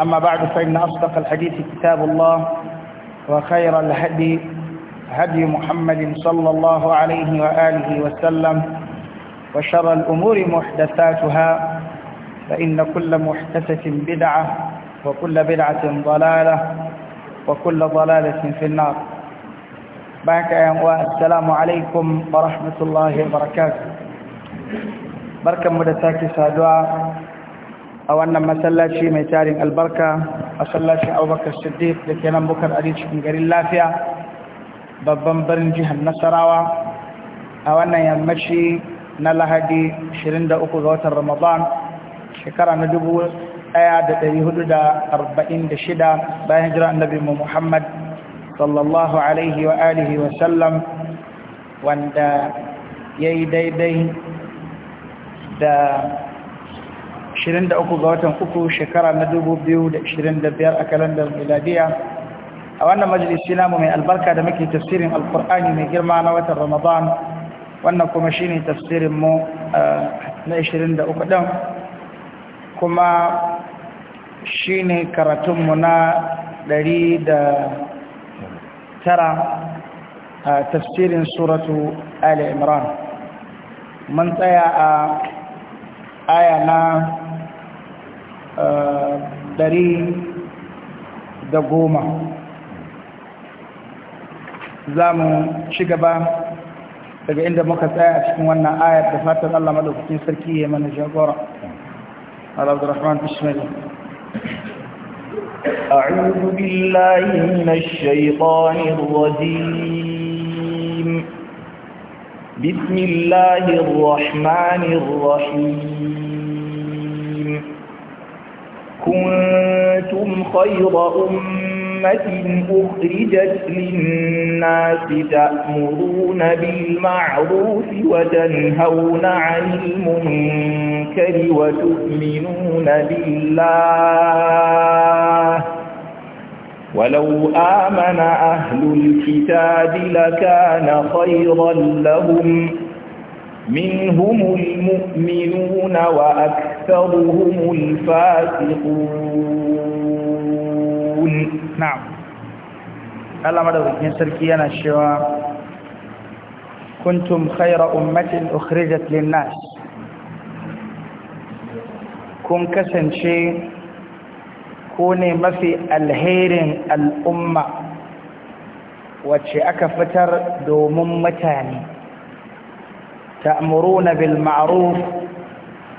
أما بعد فإن أصدق الحديث كتاب الله وخير الهدي هدي محمد صلى الله عليه وآله وسلم وشر الأمور محدثاتها فإن كل محدثة بدعة وكل بدعة ضلالة وكل ضلالة في النار باك والسلام عليكم ورحمة الله وبركاته بركة مدتاك سادوا a wannan masallaci mai tarin albarka masallacin abubakar siddiq da ke nan bukar ari cikin garin lafiya babban birnin jihar nasarawa a wannan yammaci na lahadi 23 ga watan ramadan shekara na 1446 bayan jira annabi muhammad sallallahu alaihi wa alihi wa sallam wanda ya yi daidai da 23 ga watan uku shekara na 2025 a kalandar miladiya a wannan majalisi namu mai albarka da muke tafsirin alkur'ani mai girma na watan ramadan wannan kuma shine tafsirin mu eh, na 23 din kuma shine karatun mu na 109 a tafsirin suratu ali imran mun tsaya a aya na dari da goma za mu ci gaba daga inda muka tsaya a cikin wannan ayar da fatan Allah madaukakin sarki ya mana jagora Al-Abdurrahman Bismillah أعوذ بالله من الشيطان الرجيم بسم الله الرحمن الرحيم كنتم خير أمة أخرجت للناس تأمرون بالمعروف وتنهون عن المنكر وتؤمنون بالله ولو آمن أهل الكتاب لكان خيرا لهم منهم المؤمنون وأكثرهم الفاسقون نعم الله مدوكين سركينا الشواء كنتم خير أمة أخرجت للناس كن كسن شيء كوني ما في الهير الأمة وشي أكفتر دوم متاني تأمرون بالمعروف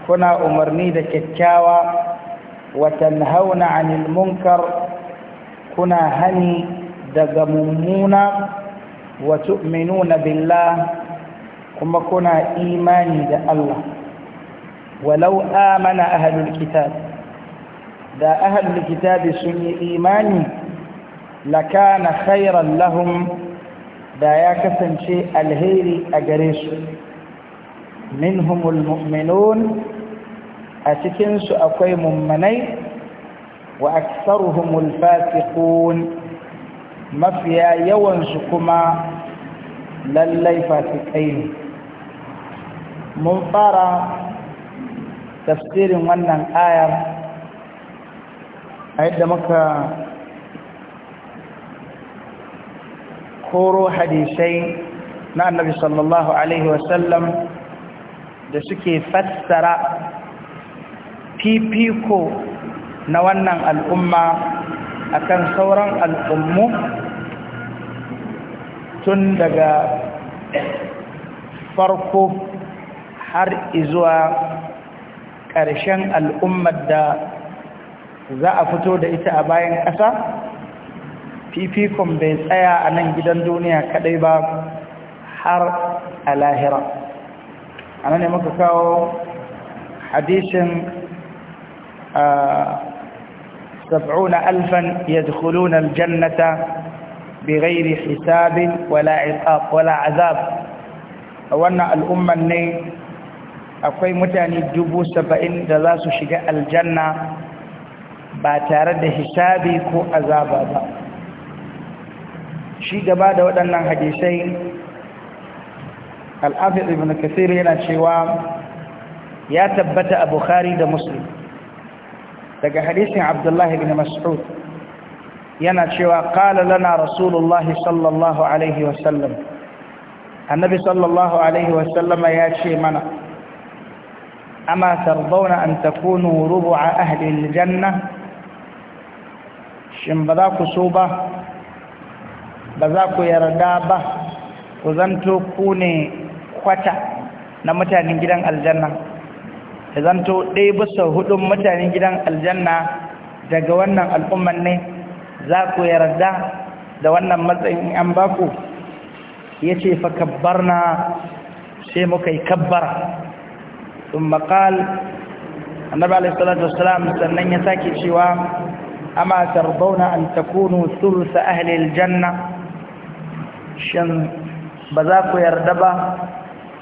كنا أمرني ذكتشاوى وتنهون عن المنكر كنا هني ذغممون وتؤمنون بالله كما كنا إيماني ذا الله ولو آمن أهل الكتاب ذا أهل الكتاب سني إيماني لكان خيرا لهم ذا يكسن شيء الهيري أجريشه humul mu'minun a cikinsu akwai mummanai wa aktsaruhumul fasiqun mafiya yawansu kuma lallai fasikai ne mun fara tafsirin wannan ayar a yadda muka koro hadisai na annabi sallallahu alaihi wasallam da suke fassara fifiko na wannan al'umma akan sauran al'ummu tun daga farko har izuwa ƙarshen al'ummar da za a fito da ita a bayan ƙasa fifikon bai tsaya a nan gidan duniya kaɗai ba har a lahira a ne muka kawo hadishin سبعون alfan يدخلون الجنة hisabi حساب ولا عقاب ولا عذاب wannan al'umman ne akwai mutane dubu saba'in da za su shiga aljanna ba tare da hisabi ko azaba ba shi gaba da waɗannan hadisai al'afis ibn kasir yana cewa ya tabbata a bukhari da muslim daga hadisin abdullahi ibn mas'ud yana cewa qala lana rasulullahi sallallahu alaihi wasallam annabi sallallahu alaihi wasallama ya ce mana ama tardawna an ta takunu rubu'a ahli aljanna shin ba za ku so ba ba za ku yarda ba ku zanto ku ne kwata na mutanen gidan aljanna ya zanto ɗaya bisa hudun mutanen gidan aljanna daga wannan al'umman ne za ku yarda da wannan matsayin an baku ya ce fa kabbarna sai muka yi kabbara sun maƙal annabi alaihissalatu wasalam sannan ya sake cewa amma tarbauna an takunu sulusa ahli janna. shin ba za ku yarda ba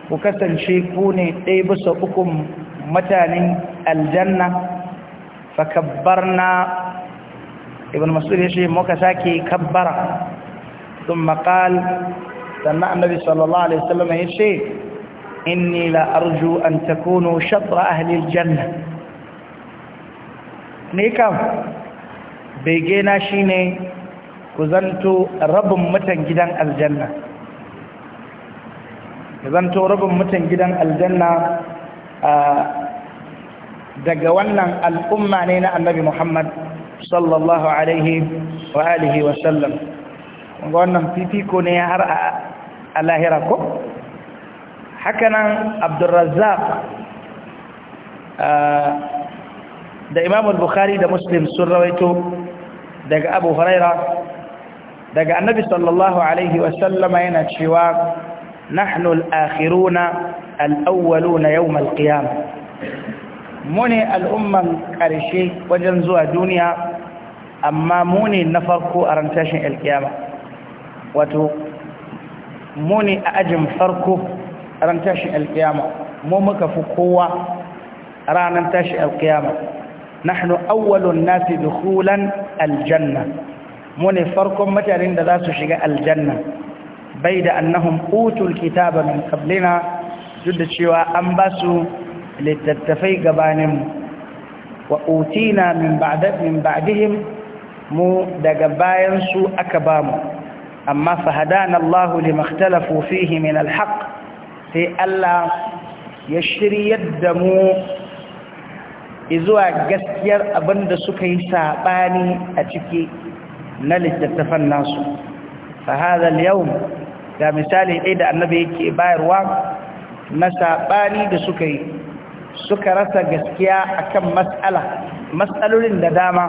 ku kasance ku ne ɗaya bisa ukun mutanen aljanna fakabbarna ibn masud ya ce muka sake kabbara sun maƙal sannan annabi sallallahu alaihi wasallam ya ce inni la arju an takunu shatra ahli janna. ne kam bege shi shine ku zanto rabin mutan gidan aljanna ya zanto rabin mutan gidan aljanna daga wannan al'umma ne na annabi Muhammad sallallahu alaihi wa alihi wa sallam ga wannan fifiko ne har a lahira ko hakanan abdurrazzaq da imam bukhari da muslim sun rawaito daga abu huraira daga annabi sallallahu alaihi wa sallama yana cewa نحن الآخرون الأولون يوم القيامة موني الأمة كارشي وجنزوا الدنيا أما موني نفركو أرنتاشن القيامة واتو موني أجم فركو أرنتاشن القيامة مومك فقوة أرنتاشن القيامة نحن أول الناس دخولا الجنة موني فركو متى عند ذاتو شقاء الجنة bai da annahum utul kitaba min qablina duk da cewa an ba su littattafai gabanin wa utina min ba'da mu daga bayan su aka ba mu amma fahadana Allah lima ikhtalafu fihi min alhaq sai Allah ya shiryar da mu izuwa gaskiyar abinda suka yi saɓani a ciki na littattafan nasu fa yau da misali ɗaya da annabi yake bayarwa na saɓani da suka yi suka rasa gaskiya akan matsala matsalolin da dama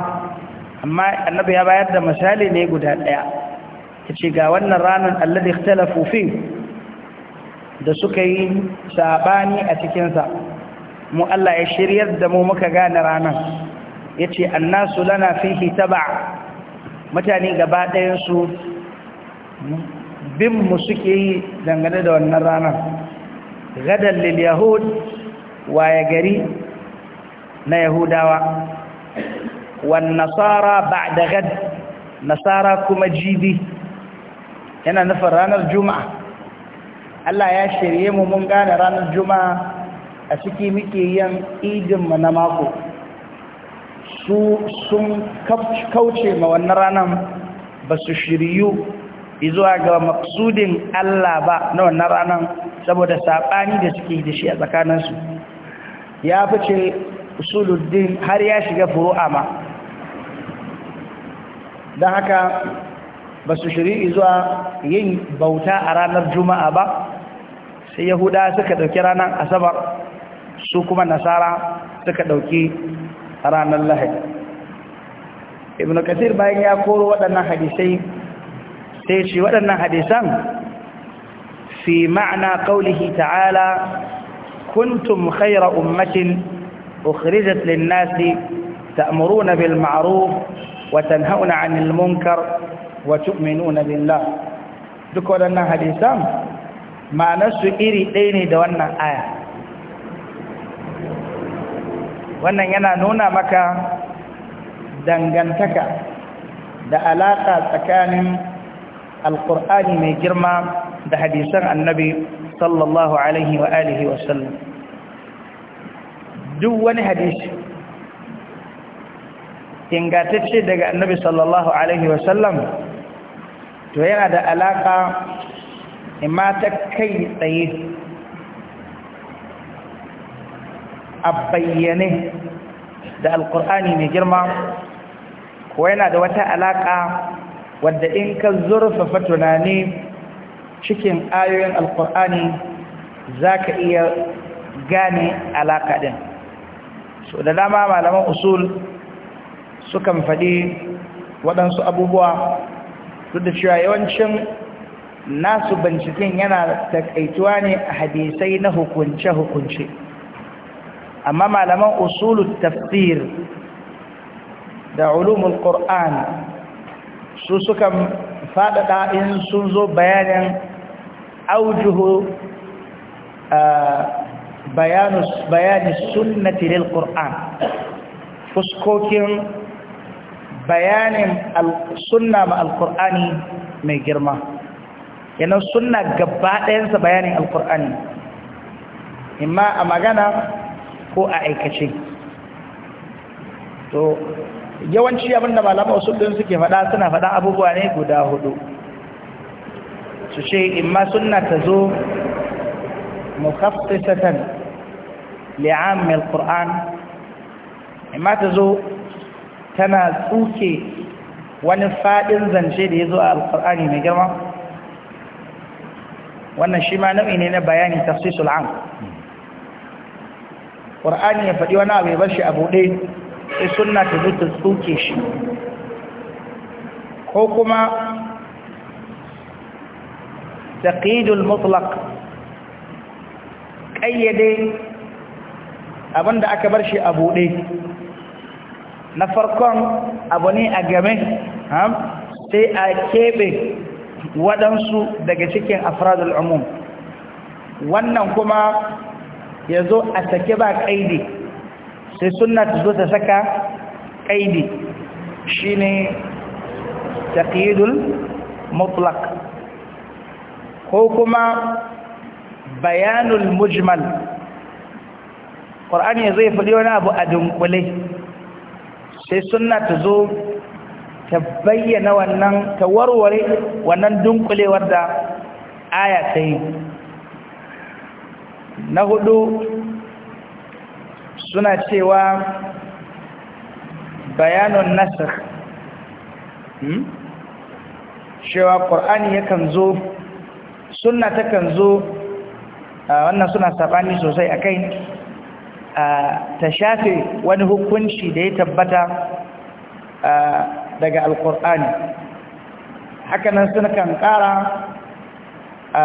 amma annabi ya bayar da misali ne guda ɗaya ya ce ga wannan ranar alladi talafofin da suka yi saɓani a cikinsa mu Allah ya shiryar da mu muka gane ranar ya ce annasu lana fihi taba mutane gaba ɗayansu bin mu suke yi dangane da wannan ranar gadan lil yahud waye gari na yahudawa wan nasara ba'da gad nasara kuma jibi yana nufin ranar juma'a Allah ya shirye mu mun gane ranar juma'a a ciki muke yin idin mu na mako su sun kauce ma wannan ranar ba su shiryu izuwa ga maksudin Allah ba na wannan ranar saboda saɓani da suke da shi a su, ya fice usuluddin har ya shiga furu'a ma don haka ba su shiri izuwa yin bauta a ranar juma'a ba sai yahuda suka ɗauki ranar asabar su kuma nasara suka ɗauki ranar lahadi ibn kasir bayan ya koro waɗannan hadisai sai shi waɗannan hadisan fi ma'ana qaulihi ta'ala kuntum kaira ummatin ukhrijat lin-nasi ta'muruna bil ma'ruf wa tanhauna 'anil munkar wa tu'minuna billah duk waɗannan hadisan ma'anarsu iri ɗaya ne da wannan aya wannan yana nuna maka dangantaka da alaƙa tsakanin alkur'ani mai girma da hadisan annabi sallallahu alaihi wa alihi wa sallam duk wani hadisi ingantacce daga annabi sallallahu alaihi wa sallam to yana da alaƙa imma ta kai tsaye a bayyane da alkur'ani mai girma ko yana da wata alaƙa. wadda in ka zurfafa tunani cikin ayoyin alkur'ani za ka iya gane alaƙa ɗin so da dama malaman usul sukan faɗi waɗansu abubuwa duk da cewa yawancin nasu binciken yana takaituwa ne a hadisai na hukunce-hukunce amma malaman usulun tafsir da ulumul ƙur'ani. su suka faɗaɗa in sun zo bayanin aujuhu bayani sunnati lil fuskokin bayanin sunna ma mai girma yana sunna gaba ɗayansa bayanin alqur'ani imma a magana ko a aikace to yawanci abin da malama wasu ɗin suke faɗa suna faɗa abubuwa ne guda hudu su ce in ma suna ta zo satan mil ƙur'an in ma ta zo tana tsuke wani faɗin zance da ya zo a Alƙur'ani mai girma wannan shi ma nau'i ne na bayani tafsisul am qur'ani ya faɗi wani abu ya bar shi a buɗe sai sunna ta zo ta tsoke shi ko kuma taqidul mutlaq ƙayyade abinda aka bar shi a buɗe na farkon abu ne a game sai a keɓe waɗansu daga cikin afradul umum wannan kuma ya zo a sake ba ƙaidi sai sunna ta zo ta saka ƙaidi shi ne taƙidul mutlak ko kuma bayanul mujmal ƙwar'ani zai fuli wani abu a dunkule sai sunna ta zo ta bayyana wannan ta warware wannan dunkulewar da aya ta yi na hudu suna cewa bayanon nasar hmm? cewa ƙor'ani kan zo suna takan zo wannan suna saɓani sosai a kai ta shafe wani hukunci da ya tabbata daga alƙor'ani hakanan suna kan ƙara a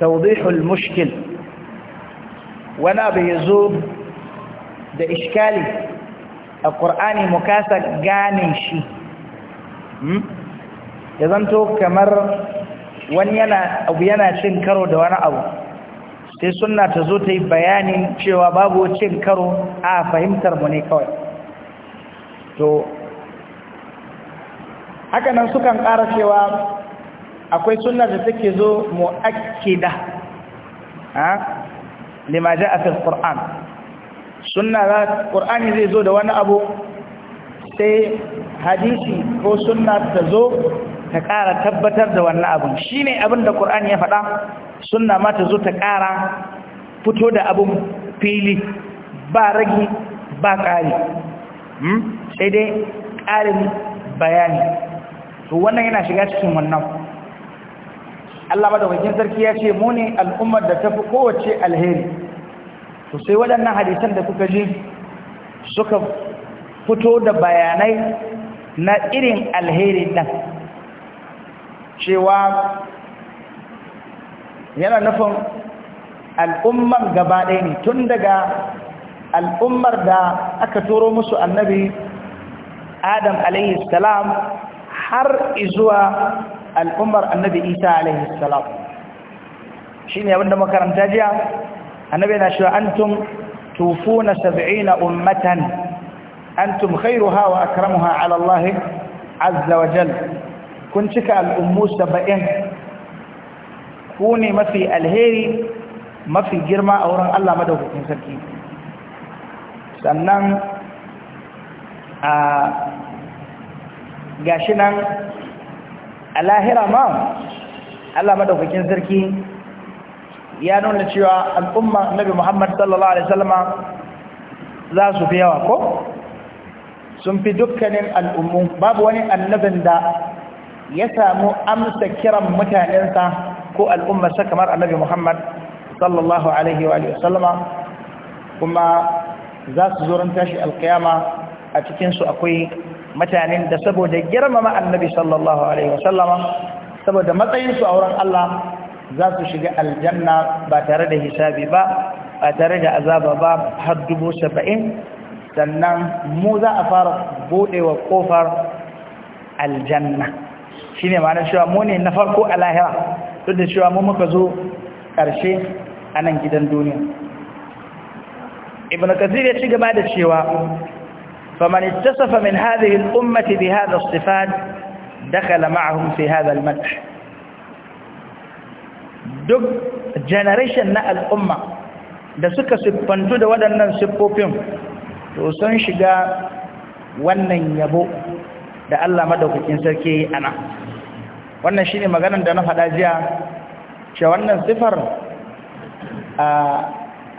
taudihul mushkil wani abu ya zo da iskali a ƙur'ani mu kasa ganin shi hmm? ya zanto kamar wani abu yana cin karo da wani abu sai suna ta zo ta yi bayanin cewa babu cin karo a fahimtar mu ne kawai to haka nan sukan ƙara cewa akwai suna da take zo ake da. lima a fil qur'an sunna za qur'ani zai zo da wani abu sai hadisi ko sunna ta zo ta ƙara tabbatar da wannan abu, shine abin da qur'ani ya faɗa sunna ma ta zo ta ƙara fito da abun fili ba ragi ba ƙari sai dai ƙarin bayani to wannan yana shiga cikin wannan Allah madaukakin sarki ya ce mu ne al'ummar da tafi kowace alheri to sai waɗannan hadisan da kuka ji suka fito da bayanai na irin alheri nan cewa yana nufin al'ummar gaba ɗaya ne tun daga al'ummar da aka turo musu annabi adam alaihi har izuwa al'ummar annabi isa alaihi salam shine abinda makaranta jiya annabi na cewa antum tufuna sab'ina ummatan antum khairuha wa akramuha ala Allah azza wa jal kun cika al'ummu saba'in ku ne mafi alheri mafi girma a wurin Allah madaukakin sarki sannan a gashi nan a lahira ma Allah madaukakin sarki ya nuna cewa al'umma nabi Muhammad sallallahu alaihi wasallama za su fi yawa ko sun fi dukkanin al'ummu babu wani annabin da ya samu amsa kiran mutanensa ko al'ummarsa kamar annabi Muhammad sallallahu alaihi wa sallama kuma za su zo ran tashi alkiyama a cikinsu akwai mutanen da saboda girmama annabi sallallahu alaihi wasallama saboda matsayinsu a wurin Allah za su shiga aljanna ba tare da hisabi ba ba tare da azaba ba har dubu saba'in sannan mu za a fara buɗewa ƙofar aljanna shine ne ma'anar cewa mu ne na farko a lahira duk da cewa mu muka zo ƙarshe a nan gidan duniya ibn kasir ya ci gaba da cewa فمن اتصف من هذه الأمة بهذا الصفات دخل معهم في هذا المدح duk generation na al'umma da suka siffantu da waɗannan siffofin to sun shiga wannan yabo da Allah madaukakin sarki ana wannan shine maganar da na faɗa jiya cewa wannan sifar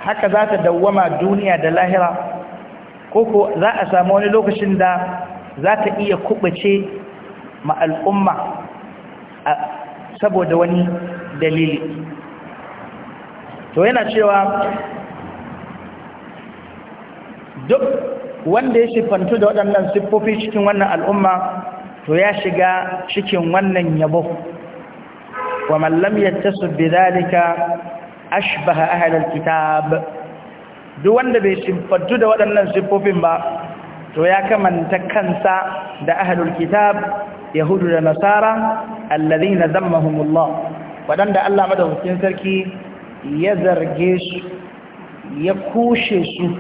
haka za ta dawwama duniya da lahira koko za a samu wani lokacin da za ta iya kubace ma al'umma saboda wani dalili to yana cewa duk wanda ya siffantu da waɗannan siffofi cikin wannan al'umma to ya shiga cikin wannan yabo wa mallam yattasu bi zalika ashbaha ahlal kitab duk wanda bai shimfattu da waɗannan siffofin ba to ya kamanta kansa da ahlul kitab yahudu da nasara alladhina zammahumullah waɗanda Allah madaukakin sarki ya zarge su ya kushe su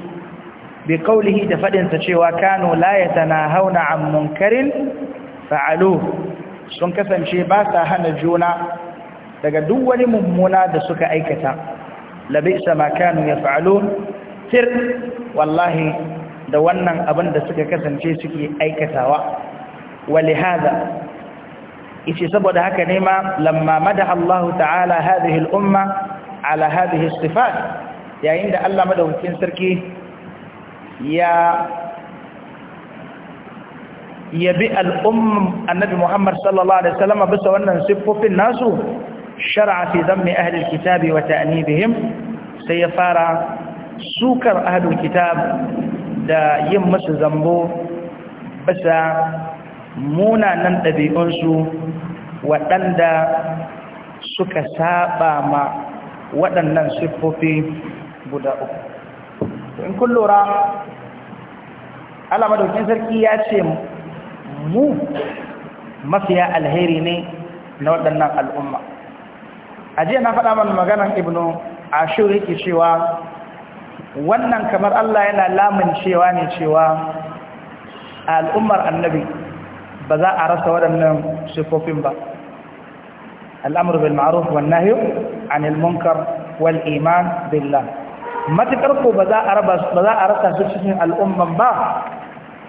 bi kaulihi da sa cewa kano la yatanahawna an munkarin fa'alu sun kasance ba sa hana juna daga duk wani mummuna da suka aikata labisa ma kanu yaf'alun tir wallahi da wannan abin da suka kasance suke aikatawa wali hada ice saboda haka ne ma lamma madaha allahu ta'ala hadhihi al-umma ala hadhihi yayin da Allah madaukakin sarki ya yabi al annabi Muhammad sallallahu alaihi wasallam bisa wannan siffofin nasu shar'a fi dhammi ahli al-kitabi wa ta'nibihim sai ya fara sukar ahlul kitab da yin masu zambo bisa munanan ɗabi'unsu waɗanda suka saba ma waɗannan siffofi guda uku in kun lura alamadaukin sarki ya ce mu mafiya alheri ne na waɗannan al'umma a jiya na faɗa mana maganar ibnu ashur yake cewa wannan kamar Allah yana lamuncewa ne cewa al'ummar annabi ba za a rasa waɗannan sifofin ba al'amur bil ma'ruf wan nahy an munkar wal iman billah matakar ko ba za a rasa su cikin al'umman ba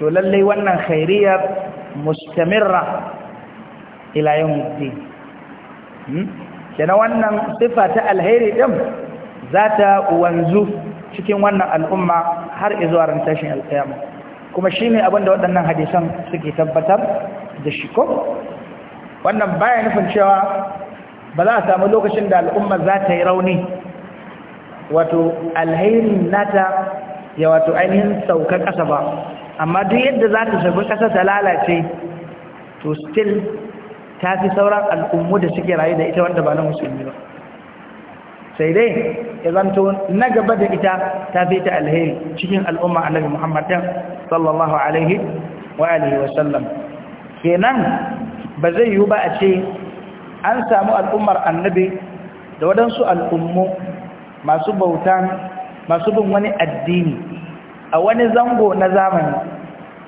to lallai wannan khairiyar mustamirra ila yawmiddin hmm? na wannan sifa ta alheri ɗin za ta wanzu cikin wannan al'umma har izuwa ran tashin alƙiyama kuma shine abin da waɗannan hadisan suke tabbatar da shi ko wannan baya nufin cewa ba za a samu lokacin da al'umma za ta yi rauni wato alhairin nata ya wato ainihin saukar ƙasa ba amma duk yadda za ta shafi ƙasa ta lalace to still ta fi sauran al'ummu da suke rayu da ita wanda ba na musulmi ba sai dai ya zanto na gaba da ita ta fi ta alheri cikin al'umma annabi Muhammad sallallahu alaihi wa alihi wa sallam kenan ba zai yiwu ba a ce an samu al'ummar annabi da waɗansu al'ummu masu bautan masu bin wani addini a wani zango na zamani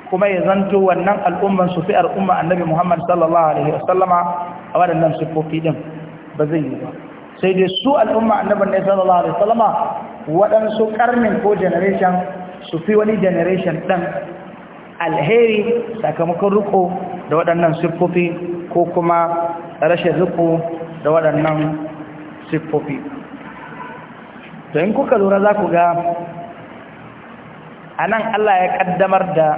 kuma ya zanto wannan al'umman su fi al'umma annabi Muhammad sallallahu alaihi wa sallama a waɗannan ko din ba zai yiwu ba sai dai su al'umma annabin ne sallallahu alaihi Salama, waɗansu karnin ko generation su fi wani generation ɗan alheri sakamakon riko da waɗannan siffofi ko kuma rashin riko da waɗannan siffofi to in kuka lura za ku ga a nan Allah ya ƙaddamar da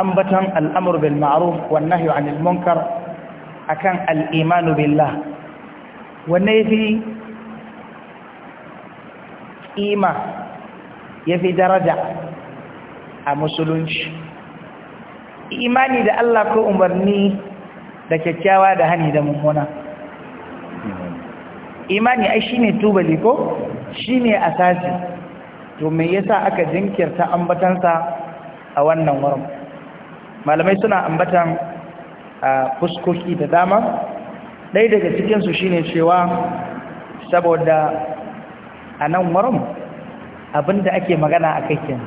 ambatan al'amur bil ma'aruf wannan yau anil munkar akan al'imanu billah wanne ya fi ƙima ya fi daraja a musulunci imani da Allah ko umarni da kyakkyawa da hani da mummuna imani ai shi ne tubali ko a asasi to me yasa aka jinkirta ambatansa a wannan wurin malamai suna ambatan ah, fuskoki da dama ɗaya daga cikinsu shine cewa saboda a nan wurin abinda ake magana a kai kenan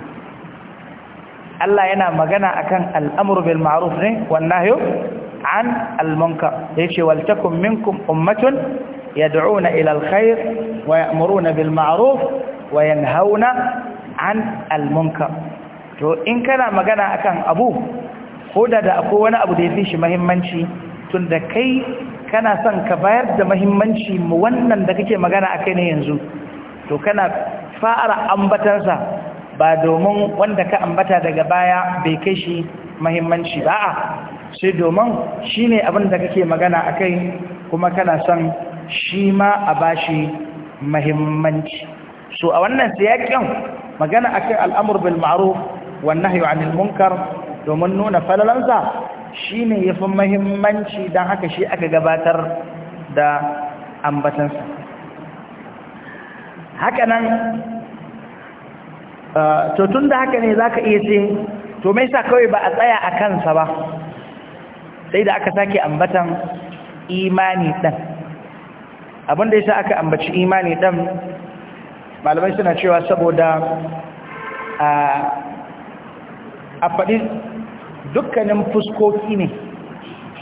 Allah yana magana akan al'amru bil ma'ruf ne wan nahyu an al ya ce wal takum minkum ummatun yad'una ila al khair wa ya'muruna bil ma'ruf wa hauna an al to in kana magana akan abu ko da da akwai wani abu da ya fi shi muhimmanci tunda kai kana son ka bayar da mahimmanci mu wannan da kake magana a kai ne yanzu to kana fara ambatarsa ba domin wanda ka ambata daga baya bai kai shi mahimmanci ba a sai domin shi ne abin da kake magana a kai kuma kana son shi ma a bashi mahimmanci so a wannan siyakin magana a kai al'amur bil ma'ruf wannan yau anil munkar domin nuna falalansa shi ne ya fi mahimmanci don haka shi aka gabatar da ambatansa haka nan uh, to tun da haka ne za ka iya ce to mai sa kawai ba a tsaya a kansa ba sai da aka sake ambatan imani ɗan abinda ya sa aka ambaci imani ɗan malamai suna cewa saboda uh, a faɗi dukkanin fuskoki ne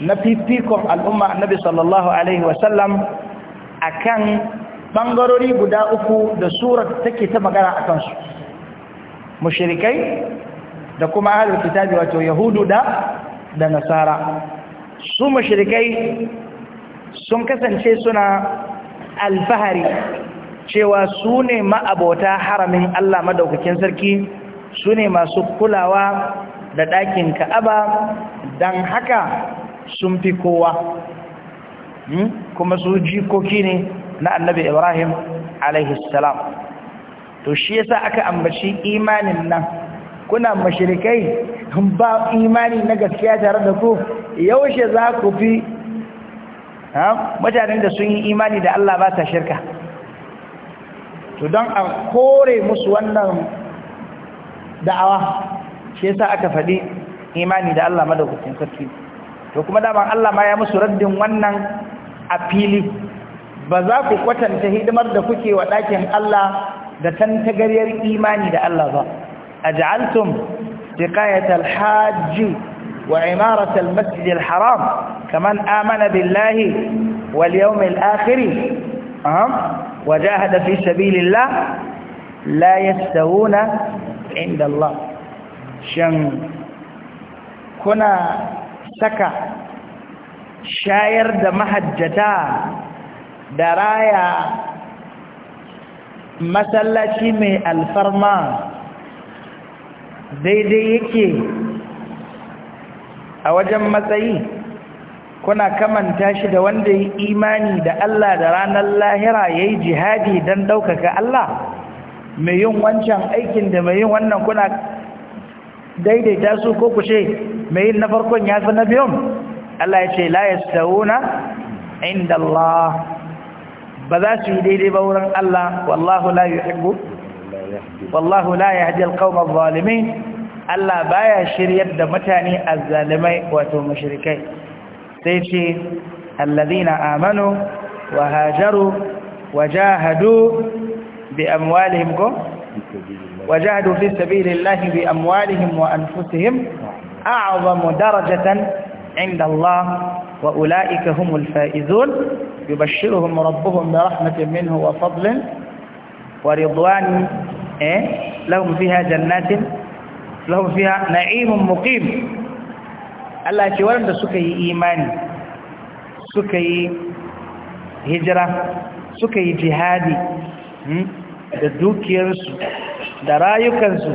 na fifikon al'umma annabi sallallahu alaihi wasallam a kan ɓangarori guda uku da surat take ta magana a kansu mushirikai da kuma ahalar kitabi wato yahudu da da nasara su mushirikai sun kasance suna alfahari cewa su ne ma'abota haramin Allah madaukakin sarki su ne masu kulawa da ɗakin ka'aba don haka sun fi kowa hmm? kuma su jikoki ne na annabi ibrahim alaihissalam to shi yasa aka ambaci imanin nan kuna mashirikai ba imani na gaskiya tare da ku yaushe za ku fi mutanen da sun yi imani da Allah ba ta shirka to don a kore musu wannan da'awa shi yasa aka faɗi imani da Allah madaukakin sarki to kuma daman Allah ma ya musu raddin wannan afili ba za ku kwatanta hidimar da kuke wa ɗakin Allah da tantagaryar imani da Allah ba aj'altum tiqayatal hajji wa imaratal masjidil haram kaman amana billahi wal yawmil akhir aham wajahada fi sabilillah la yastawuna inda Allah shan kuna saka shayar da mahajjata da raya masallaci mai alfarma daidai yake a wajen matsayi kuna kamanta shi da wanda yi imani da Allah da ranar lahira ya yi jihadi don ɗaukaka Allah mai yin wancan aikin da mai yin wannan kuna daidaita su ko ku ce mai na farkon ya fi na biyun Allah ya ce la wuna inda Allah ba za su yi daidai ba wurin Allah wallahu la yuhibbu wallahu la yahdi alqawma adh-dhalimin Allah baya shiryar da mutane azzalimai wato mushrikai sai ce allazina amanu wa hajaru wa jahadu bi amwalihim ko وجاهدوا في سبيل الله بأموالهم وأنفسهم أعظم درجة عند الله وأولئك هم الفائزون يبشرهم ربهم برحمة منه وفضل ورضوان إيه؟ لهم فيها جنات لهم فيها نعيم مقيم Allah ce سكي إيمان سكي هجرة سكي جهادي hijira da rayukansu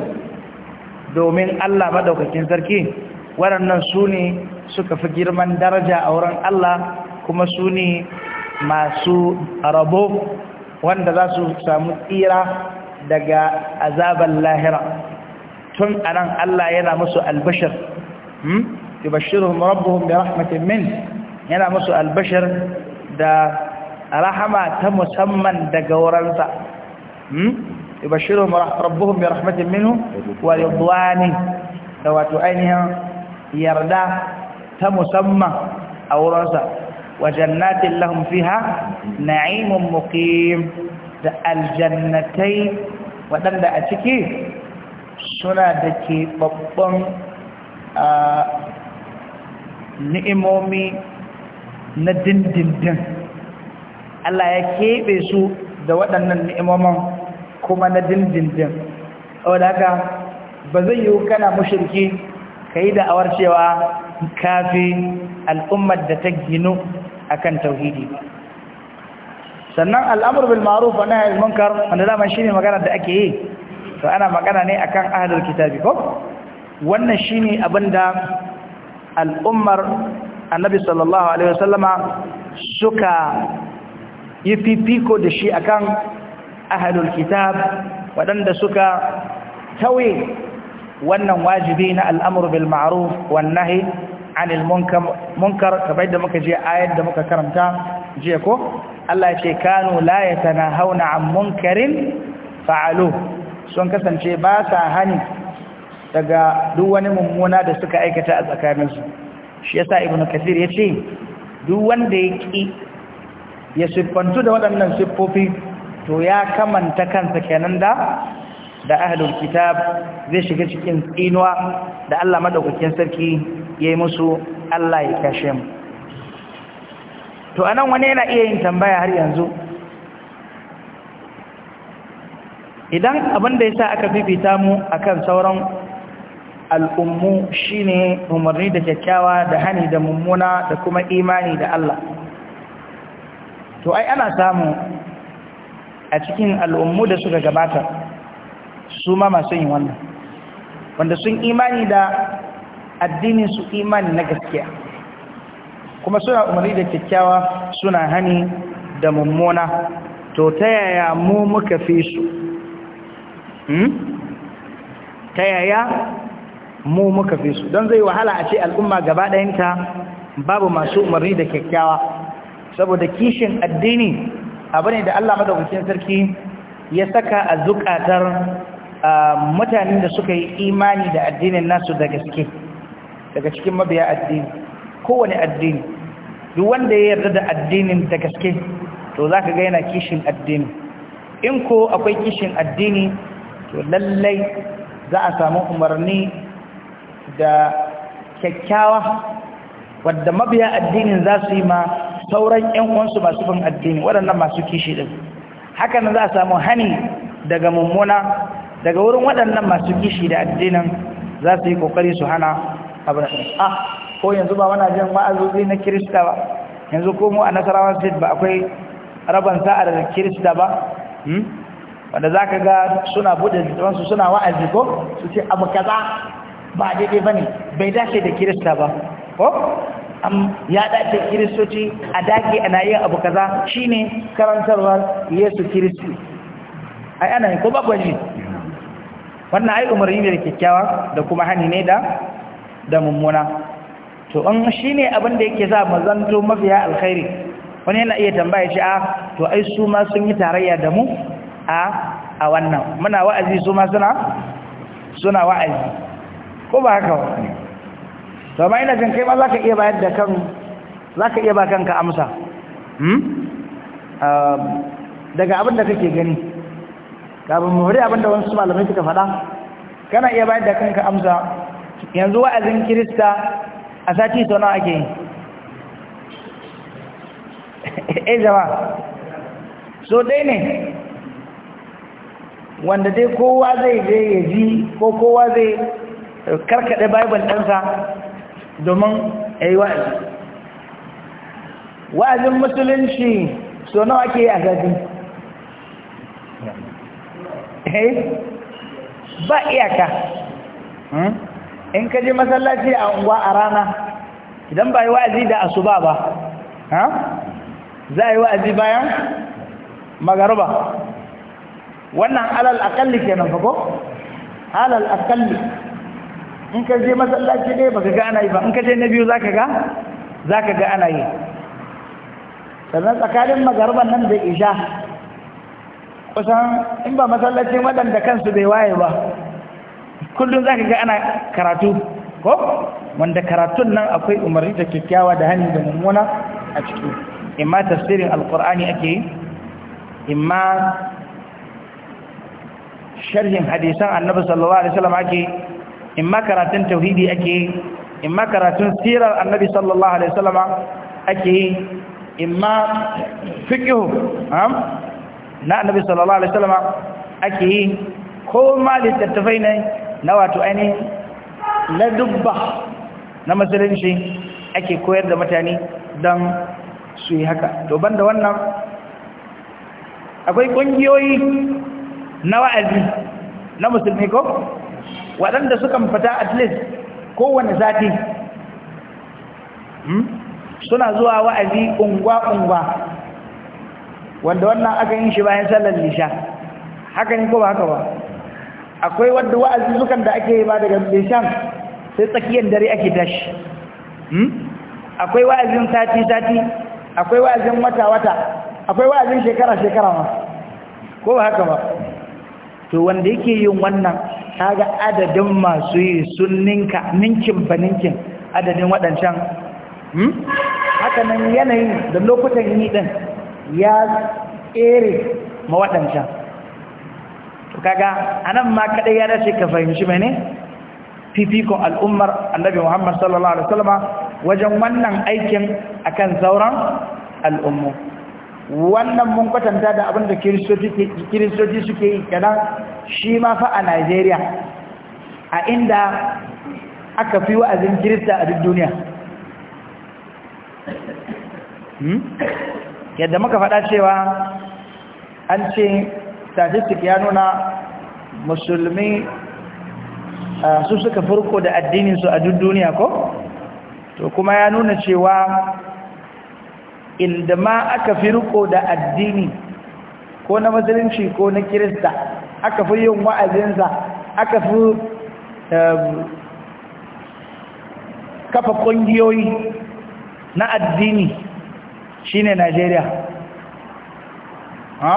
domin Allah madaukakin sarki waɗannan su ne suka fi girman daraja a wurin Allah kuma su ne masu rabo wanda za su samu tsira daga azaban lahira tun anan Allah yana musu albashir hmm? yubashshiruhum rabbuhum bi rahmatin min yana musu albashar da rahama ta musamman daga wuransa hmm? yubashshiruhum rabbuhum bi rahmatin minhu wa ridwani ainihin yarda ta musamman a wurinsa wa jannatin lahum fiha na'imun da aljannatai waɗanda a ciki suna da ke ni'imomi na dindindin Allah ya keɓe su da waɗannan ni'imomin kuma na dindindin saboda haka ba zai yiwu kana mushriki ka yi da'awar cewa kafi al'ummar da ta ginu akan tauhidi sannan al'amur bil ma'ruf wa nahy munkar wanda shine magana da ake yi to ana magana ne akan ahadar kitabi ko wannan shine abinda al'ummar annabi sallallahu alaihi wasallama suka yi fifiko da shi akan ahlul kitab waɗanda suka tauye wannan wajibi na al'amuru bil ma'ruf wan nahi anil munkar kamar da muka je ayat da muka karanta jiya ko Allah ce kanu la yatanahawna an munkarin fa'alu sun kasance ba sa hani daga duk wani mummuna da suka aikata a tsakaninsu shi yasa ibnu kathir yace duk wanda ya ya siffantu da waɗannan siffofi to ya kamanta kansa kenan da da ahlul kitab zai shiga cikin tsinuwa da Allah madaukakin sarki yayi musu Allah ya kashe mu to anan wani yana iya yin tambaya har yanzu idan abin da yasa aka fifita mu akan sauran al'ummu shine umarni da kyakkyawa da hani da mummuna da kuma imani da Allah to ai ana samu a cikin al'ummu da suka gabata su ma masu yin wannan wanda sun imani da addinin su imani na gaskiya kuma suna umarni da kyakkyawa suna hani da mummuna to ta yaya mu muka fi su hmm? ta yaya mu muka fi su don zai wahala a ce al'umma gaba ɗayanta babu masu umarni da kyakkyawa saboda kishin addini abu ne da Allah madaukakin sarki ya saka a zukatar mutanen da suka yi imani da addinin nasu da gaske daga cikin mabiya addini kowane addini duk wanda ya yarda da addinin da gaske to za ka ga yana kishin addini in ko akwai kishin addini to lallai za a samu umarni da kyakkyawa wadda mabiya addinin za su yi ma sauran ‘yan uwansu masu bin addini waɗannan masu kishi ɗin haka nan za a samu hani daga mummuna daga wurin waɗannan masu kishi da addinin za su yi ƙoƙari su hana abin a ko yanzu ba wana jin ma'azuzi na kirista ba yanzu ko mu a nasarawa state ba akwai rabon sa'ar da kirista ba hmm? wanda za ka ga suna buɗe littafansu suna wa'azi ko su ce abu kaza ba daidai ba ne bai dace da kirista ba ko ya dace kiristoci a dake ana yin abu kaza shine karantarwar yesu kiristi ai ana yi ko bakwai shi wannan ai umarni ne da kyakkyawa da kuma hani ne da da mummuna to an shine abin da yake sa mazanto mafiya alkhairi wani yana iya tambaya shi a to ai su ma sun yi tarayya da mu a a wannan muna wa'azi su ma suna suna wa'azi ko ba haka ba to amma ina jin kai ma zaka iya bayar da kan zaka iya ba kanka amsa hmm um, daga abin da kake gani kafin mu hore abin da wasu malamai suka faɗa kana iya bayar da kanka amsa yanzu wa'azin kirista a sati sau nawa ake yi eh jama so dai ne wanda dai kowa zai je ya ji ko kowa zai karkade bible ɗansa domin a yi wa'azi wa'azin musulunci so nawa ke yi a gazi eh, ba iyaka hmm? in ka ji masallaci a unguwa a rana idan ba yi wa'azi da asuba ba za a yi wa'azi bayan magaruba wannan alal akalli nan fako alal akalli in ka je masallaci ɗaya baka ga ana yi ba in ka je na biyu zaka ga zaka ga ana yi sannan tsakanin magarban nan da isha kusan in ba masallacin waɗanda kansu bai waye ba kullum zaka ga ana karatu ko wanda karatun nan akwai umarni da kyakkyawa da hannu da mummuna a ciki imma tafsirin alkur'ani ake yi imma sharhin hadisan annabi sallallahu alaihi wasallam ake in ma karatun tauhidi ake yi in ma karatun sirar annabi sallallahu alaihi wasallama ake yi in ma fiqhu na annabi sallallahu alaihi wasallama ake yi ko ma littattafai ne na wato ainihin na dubba na musulunci ake koyar da mutane don su yi haka to banda wannan akwai ƙungiyoyi na wa'azi na musulmi ko waɗanda sukan fita at least kowane sati hmm? suna zuwa wa'azi ƙungwa-ƙungwa wanda wannan aka yin shi bayan sallar lisha haka ne ko ba haka ba akwai wadda wa'azi sukan da ake yi ba daga lishan sai tsakiyar dare ake tashi hmm? akwai wa'azin sati-sati akwai wa'azin wata-wata akwai wa'azin shekara-shekara ma ko ba haka ba to wanda yake yin wannan kaga adadin masu yi sun ninka ninkin ba ninkin adadin waɗancan hmm? haka nan yanayin da lokutan yi ɗin ya tsere ma waɗancan to kaga anan ma kaɗai ya dace ka fahimci mai ne fifikon al'ummar annabi muhammad sallallahu alaihi wasallama wajen wannan aikin akan sauran al'ummu wannan mun kwatanta da abin da kiristoci suke yi kenan shi ma fa a Najeriya a inda aka fi wa'azin kirista a duk duniya hmm? yadda muka faɗa cewa an ce statistik ya nuna musulmi su suka furko da addininsu a duk duniya ko to kuma ya nuna cewa inda ma aka fi riko da addini ko na musulunci ko na kirista aka fi yin wa'azinsa aka fi um, kafa ƙungiyoyi na addini shine Najeriya ha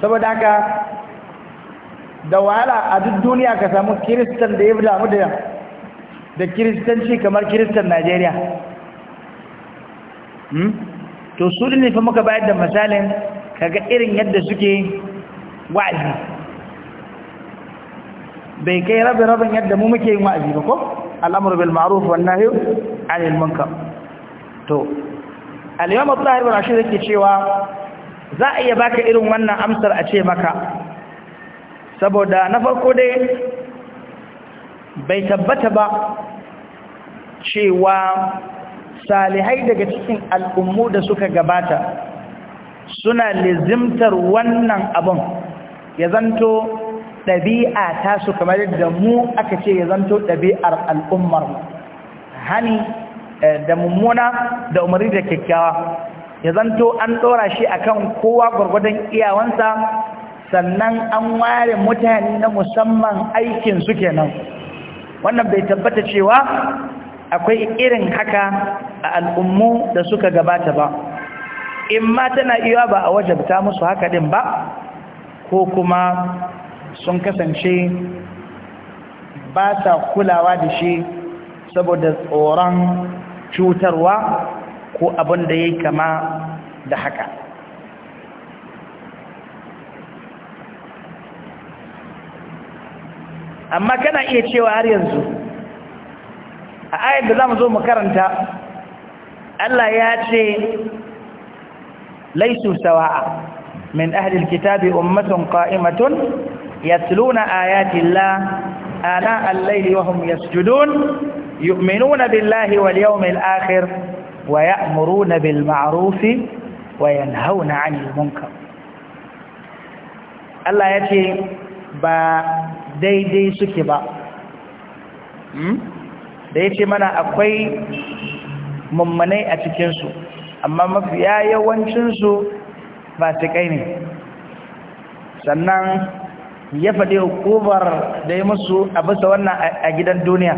saboda haka da wahala a duk duniya ka samu kiristan da ya damu da da kiristanci kamar kiristan Najeriya Hmm? to su ne fa muka bayar da misalin kaga irin yadda suke wa'azi bai kai rabin rabin yadda mu muke yin wa'azi ba ko al'amru bil ma'ruf wan nahyi 'anil munkar to al-imam al tahir bin ashir yake cewa za a iya baka irin wannan amsar a ce maka saboda na farko dai bai tabbata ba cewa salihai daga cikin al'ummu da suka gabata suna lizimtar wannan abin ya zanto ɗabi'a ta su kamar da mu aka ce ya zanto ɗabi'ar al'ummar hani eh, da mummuna da umarni da kyakkyawa ya zanto an ɗora shi akan kowa gwargwadon iyawansa sannan an ware mutane na musamman aikin suke kenan wannan bai tabbata cewa akwai irin haka a al'ummu da suka gabata ba in ma tana iya ba a wajabta musu haka din ba ko kuma sun kasance ba sa kulawa da shi saboda tsoron cutarwa ko abin da ya kama da haka amma kana iya cewa har yanzu a ayat da zamu zo mu karanta Allah ya ce laisu sawa'a min ahli alkitabi ummatun qa'imatun yatluna ayati Allah ana al-layli wa hum yasjudun yu'minuna billahi wal yawmil akhir wa ya'muruna bil ma'ruf wa yanhauna 'anil munkar Allah ya ce ba daidai suke ba da ya ce mana akwai mummanai a cikinsu amma mafiya yawancinsu kai ne sannan ya faɗi hukumar da ya musu a bisa wannan a gidan duniya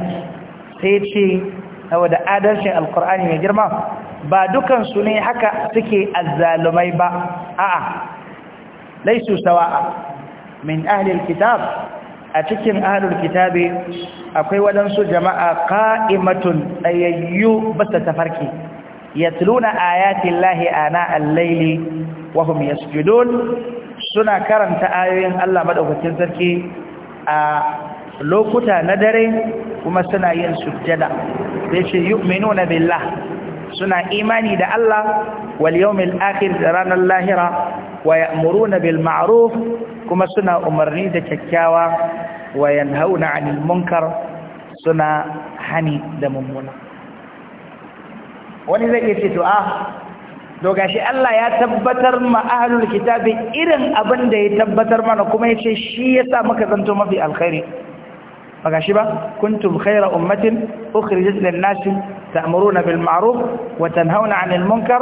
sai ce da adalcin alkur'ani mai girma ba dukansu ne haka suke azzalumai ba a'a laisu sawa'a min ahlil kitab a cikin ahlul kitabi akwai waɗansu jama'a qa'imatun tsayayyu basa tafarki yatluna ayati llahi ana al wahum ya suna karanta ayoyin Allah madaukakin sarki a lokuta na dare kuma suna yin sujjada sai ce yu'minuna billah suna imani da Allah wal yawmil akhir ranar lahira wa ya'muruna bil ma'ruf kuma suna umarni da kyakkyawa wa yanhauna 'anil munkar suna hani da mummuna wani zai ce to ah to gashi Allah ya tabbatar ma ahlul kitabi irin abin da ya tabbatar mana kuma yace shi yasa muka zanto mafi alkhairi gashi ba kuntum khayra ummatin ukhrijat lin-nasi ta'muruna bil ma'ruf wa tanhauna 'anil munkar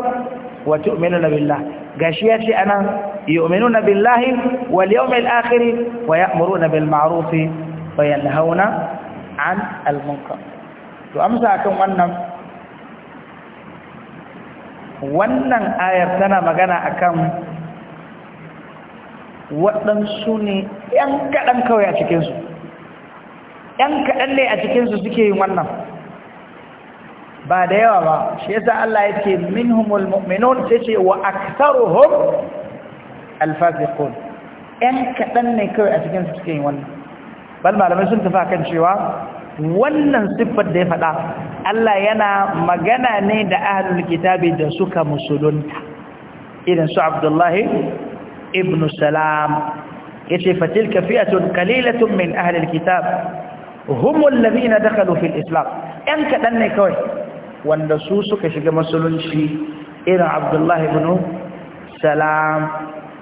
wa tu'minuna billah gashi yace anan yu'minuna billahi wal yawmil akhir wa ya'muruna bil ma'ruf wa yanhauna 'an al munkar to amsa akan wannan wannan ayar tana magana akan waɗansu ne ƴan kaɗan kawai a cikinsu Ƴan kaɗan ne a cikinsu suke yin wannan ba da yawa ba shi yasa Allah ya ce minhumul mu'minun sai ce wa aktharuhum alfasiqun ɗan kaɗan ne kawai a cikin suke yin wannan bal malamai sun tafi kan cewa wannan siffar da ya faɗa Allah yana magana ne da ahlul kitabi da suka musulunta Idan su Abdullahi ibn Salam yace fatilka fi'atun qalilatun min ahlil kitab humul ladina dakhalu fil islam yan kadan ne kawai wanda su suka shiga musulunci irin abdullahi ibn salam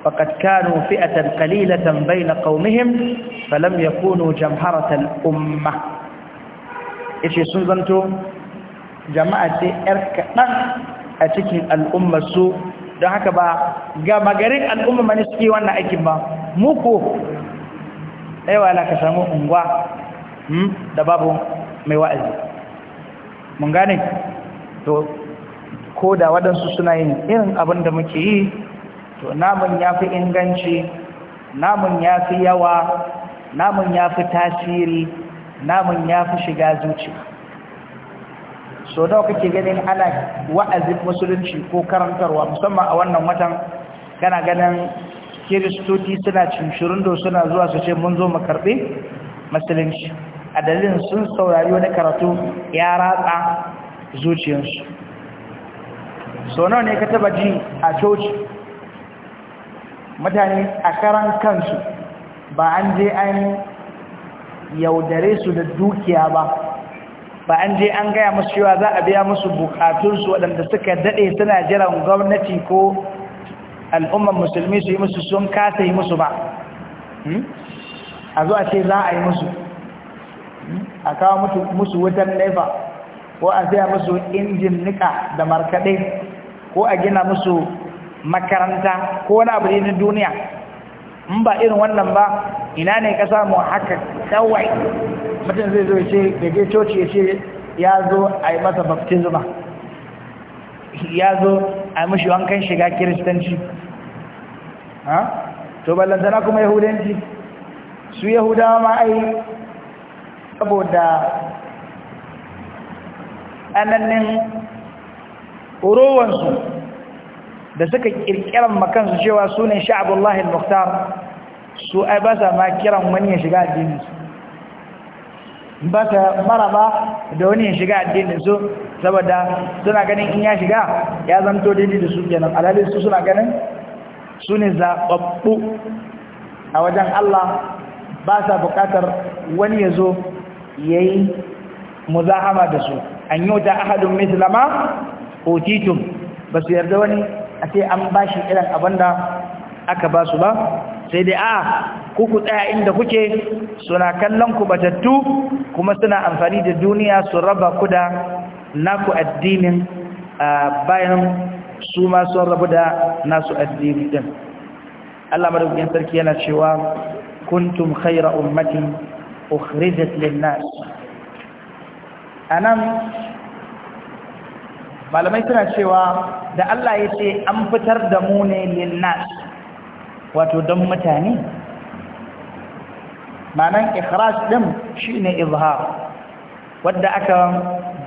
faqad kanu fi'atan qalilatan na qaumihim falam yakunu jamharatan umma yace sun zanto jama'a ce yar kaɗan a cikin al'ummar su don haka ba ga magarin al'umma mani suke wannan aikin ba muku ɗaya wala ka samu unguwa hmm, da babu mai wa'azi mun gane to ko da waɗansu suna yin irin abin da muke yi to namun ya fi inganci namun ya fi yawa namun ya fi tasiri namun ya fi shiga zuci so nawa kake ganin ana wa'azin musulunci ko karantarwa musamman a wannan watan kana ganin kiristoci suna cinshirin suna zuwa su ce mun zo mu karɓi musulunci a dalilin sun saurari wani karatu ya ratsa zuciyarsu so nawa ne ka taba ji a coci mutane a karan kansu ba an je an yaudare su da dukiya ba ba an je an gaya musu cewa za a biya musu bukatunsu waɗanda suka daɗe suna jiran gwamnati ko al'ummar musulmi su yi musu sun kasa yi musu ba hmm? a zo a ce za a yi musu a kawo musu wutan nefa ko a saya musu injin nika da markaɗe ko a gina musu makaranta ko wani abu ne na duniya in ba irin wannan ba ina ne ka samu haka kawai mutum zai zo ce da ke coci ya ce ya zo a yi masa baptizma ya zo a yi mashi wankan shiga kiristanci to ballantana kuma yahudanci su yahudawa ma ai saboda ananin rowansu da suka kirkiran makansu cewa su ne sha'abullahi al-mukhtar su ai ba sa ma kiran wani ya shiga addininsu ba ta maraba da wani ya shiga addininsu saboda suna ganin in ya shiga ya zanto daidai da su kenan alhalin su suna ganin su ne zaɓaɓɓu a wajen Allah ba sa buƙatar wani ya zo yayi muzahama da su an yi wata ahadun mislama otitum ba su yarda wani a sai an bashi irin abanda aka basu ba sai dai a ah, kuku tsaya inda kuke suna kallon ku batattu kuma suna amfani da duniya su raba ku da naku addinin bayan su ma sun rabu da nasu addini da Allah madaukakin sarki yana cewa kuntum khaira ummatin ukhrijat linnas anan malamai suna cewa da Allah ya ce an fitar da mu ne linnas wato don mutane manan ikhraj din shine izhar wanda aka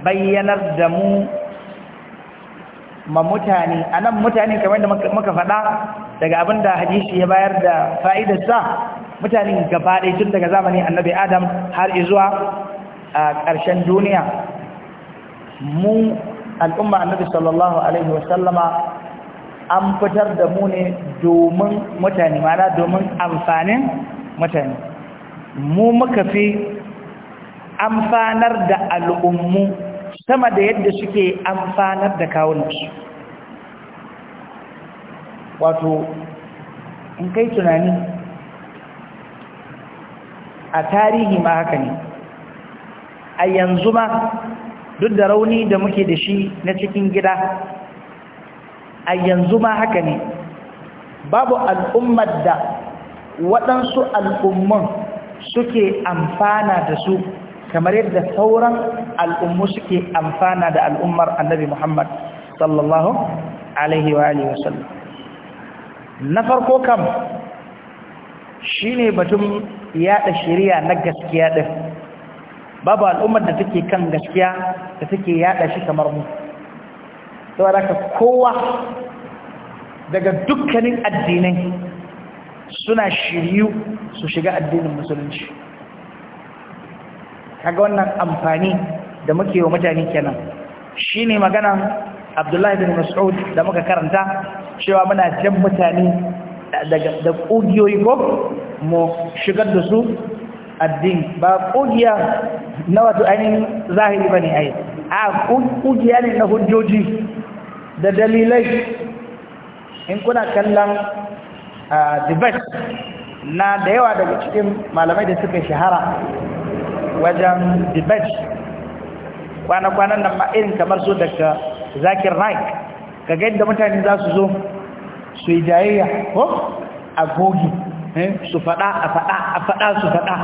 bayyanar da mu ma mutane anan mutane kamar da muka faɗa daga abinda hadisi ya bayar da fa'idarsa mutane gaba ɗaya tun daga zamanin annabi adam har izuwa a ƙarshen duniya mu al'umma annabi sallallahu alaihi wasallama an fitar da mu ne domin mutane mana domin amfanin mutane mu muka fi amfanar da al'ummu sama da yadda suke amfanar da kawunansu wato in kai tunani a tarihi ma haka ne a yanzu ma duk da rauni da muke da shi na cikin gida a yanzu ma haka ne babu al'ummar da waɗansu al'umman suke amfana da su kamar yadda sauran al'ummu suke amfana da al'ummar annabi Muhammad sallallahu Alaihi wa Alaihi wasallam. Na farko kam shi ne batun yaɗa shari'a na gaskiya ɗin babu al'ummar da take kan gaskiya da take yaɗa shi kamar mu saboda ka kowa daga dukkanin addinai suna shiryu su shiga addinin musulunci kaga wannan amfani da muke wa mutane kenan shine maganan Abdullahi bin Mas'ud da muka karanta cewa muna jan mutane da ƙungiyoyi ko mu shigar da su addini ba ƙugiya na wato ainihin zahiri ba ne ai a kugiya ne na hujjoji da dalilai in kuna kallon debate na da yawa daga cikin malamai da suka shahara wajen debate kwana nan ma kamar su daga zakin raik ga yadda mutane za su zo su yi jayayya ko a gogi Eh, su faɗa a faɗa a faɗa su faɗa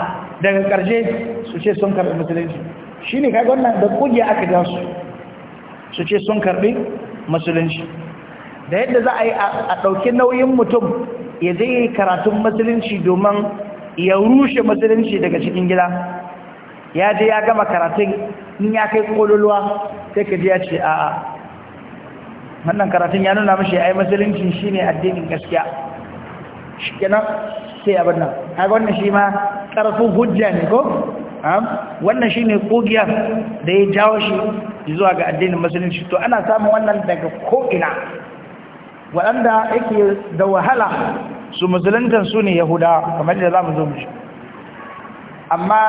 daga ƙarshe su ce sun karɓi musulunci shi ne kai wannan da ƙugiya aka ja su su ce sun karɓi musulunci da yadda za a yi a ɗauki nauyin mutum ya zai karatun musulunci domin ya rushe musulunci daga cikin gida ya je ya gama karatun in ya kai kololuwa sai ka ji ya ce a'a wannan karatun ya nuna mashi ya yi musulunci shine addinin gaskiya shikenan sai abin nan kaga wannan shi ma karfin hujja ne ko wannan shi ne kogiya da ya jawo shi zuwa ga addinin musulunci to ana samun wannan daga ko'ina waɗanda yake da wahala su musuluntan su ne yahuda kamar da za mu zo mu shi amma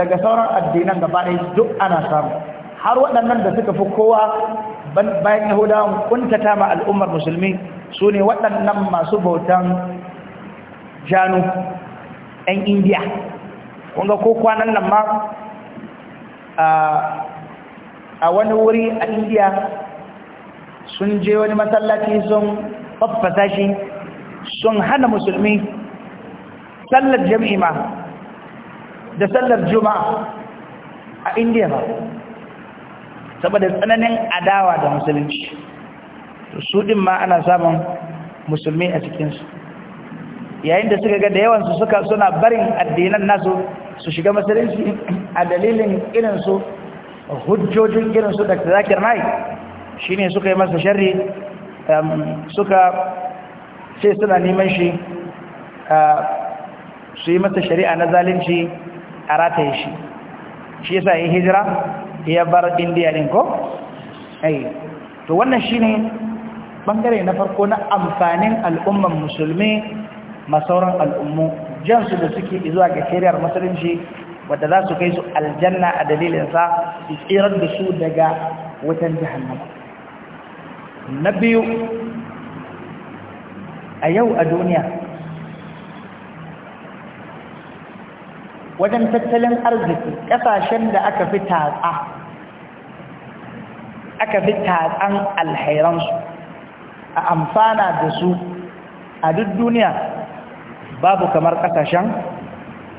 daga sauran addinan gaba ɗaya duk ana samu har waɗannan da suka fi kowa bayan yahudawan kuntata ma al'ummar musulmi su ne waɗannan masu bautan shanu ɗan indiya kunga ko kwanan nan ma a wani wuri a indiya sun je wani masallaci sun faffasa shi sun hana musulmi sallar jami'i ma da sallar juma'a a indiya ba saboda tsananin adawa da musulunci su din ma ana samun musulmi a cikinsu yayin da suka ga da yawan yawansu suka suna barin addinan nasu su shiga musulunci a dalilin irin su hujjojin irin su da zakir nai shi suka yi masa sharri um, suka ce suna neman shi su yi masa shari'a na zalunci a rataye shi shi yasa yi hijira ya bar indiya din ko? to wannan shine bangare na farko na amfanin al'umman musulmi masauran al'ummu jansu da suke zuwa ga shari'ar musulunci wadda za su kai su aljanna a dalilinsa su tsirar da su daga wutan jahannama na biyu a yau a duniya wajen tattalin arziki ƙasashen da aka fi tatsa aka fi tatsan alhairansu a amfana da su a duk duniya babu kamar ƙasashen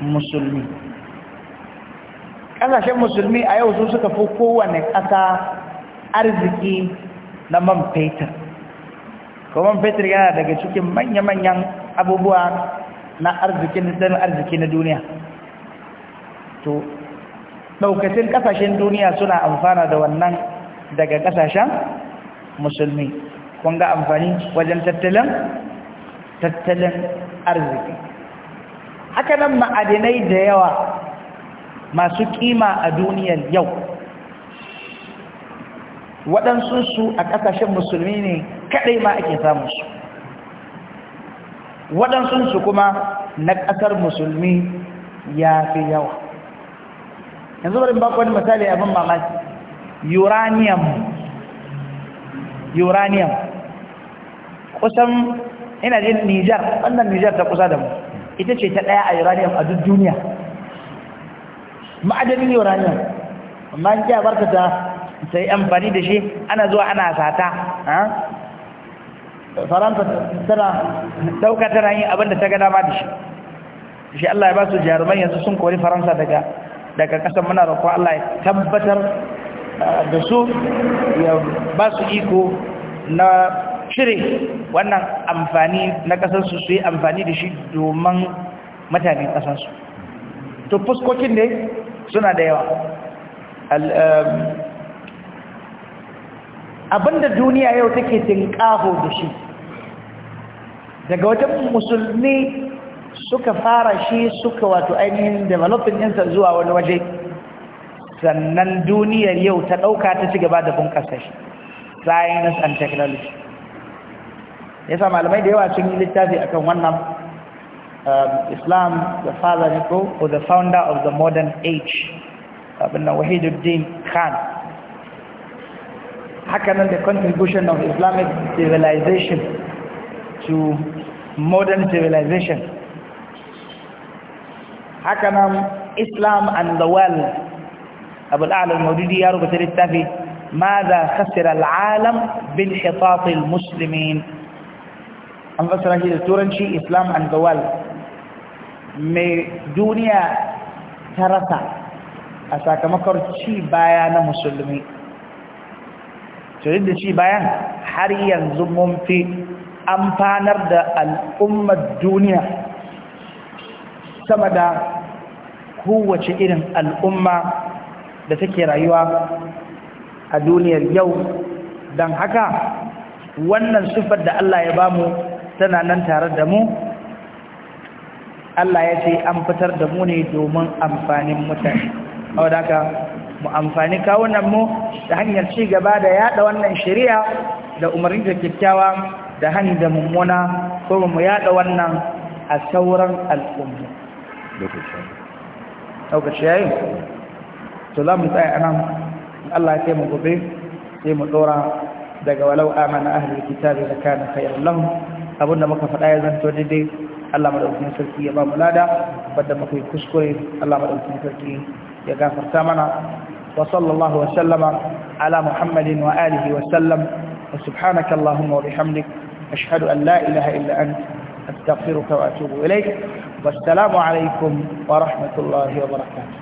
musulmi ƙasashen musulmi a yau su suka fi kowane ƙasa arziki na man fetur kuma man fetur yana daga cikin manya-manyan abubuwa na arzikin ɗan arziki na duniya to ɗaukacin ƙasashen duniya suna amfana da wannan daga ƙasashen musulmi kun ga amfani wajen tattalin tattalin arziki haka nan ma'adinai da yawa masu kima a duniyar yau waɗansu a ƙasashen musulmi ne kaɗai ma ake samun su waɗansu kuma na ƙasar musulmi ya fi yawa yanzu bari ba misali abin mamaki uranium uranium kusan ina jin Nijar wannan Nijar ta kusa da mu ita ce ta ɗaya a uranium a duk duniya ma'adanin uranium amma an ji barka ta sai amfani da shi ana zuwa ana sata faransa tana ɗauka tana yin abin ta ga dama da shi shi Allah ya ba su jarumai yanzu sun kori faransa daga daga ƙasar muna roƙo Allah ya tabbatar eh, da su ya ba su iko na Shirin wannan amfani na ƙasarsu su yi amfani da shi domin mutane ƙasarsu to fuskokin ne suna da yawa um, abinda duniya yau take tinƙaho da shi daga wata musulmi suka fara shi suka wato ainihin developing ɗinsa zuwa wani waje sannan duniyar yau ta ɗauka ta ci gaba da bunƙasa shi science and technology yasa malamai da yawa sun yi littafi akan wannan Islam the father ne ko or the founder of the modern age abin nan Wahiduddin Khan hakanan the contribution of Islamic civilization to modern civilization hakanan Islam and the world Abu al-A'la al-Maududi ya rubuta littafi ماذا خسر العالم بانحطاط المسلمين an fassara shi da turanci islam and the world mai duniya ta rasa a sakamakon ci baya na musulmi turin da ci bayan har yanzu mun fi amfanar da al'ummar duniya sama da kowace irin al'umma da take rayuwa a duniyar yau don haka wannan siffar da Allah ya bamu tana nan tare da mu Allah ya ce an fitar da mu ne domin amfanin mutane wadaka mu amfani kawunan mu da hanyar ci gaba da yada wannan shari'a da umarni da kyakkyawa da hani da mummuna kuma mu yada wannan a sauran al'umma lokaci yayi to za mu tsaya anan Allah ya ce mu gobe sai mu tsora, daga walau amana ahlul kitabi lakana khayran lahum abin muka faɗa ya zanto daidai Allah madaukakin sarki ya ba mu lada badda muka yi kuskure Allah madaukakin sarki ya gafarta mana wa sallallahu wa sallama ala muhammadin wa alihi wa sallam wa subhanaka allahumma wa bihamdik ashhadu an la ilaha illa ant astaghfiruka wa atubu ilayk assalamu alaikum wa rahmatullahi wa barakatuh